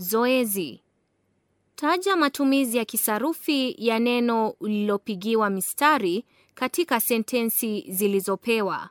Zoezi: taja matumizi ya kisarufi ya neno lililopigiwa mistari katika sentensi zilizopewa.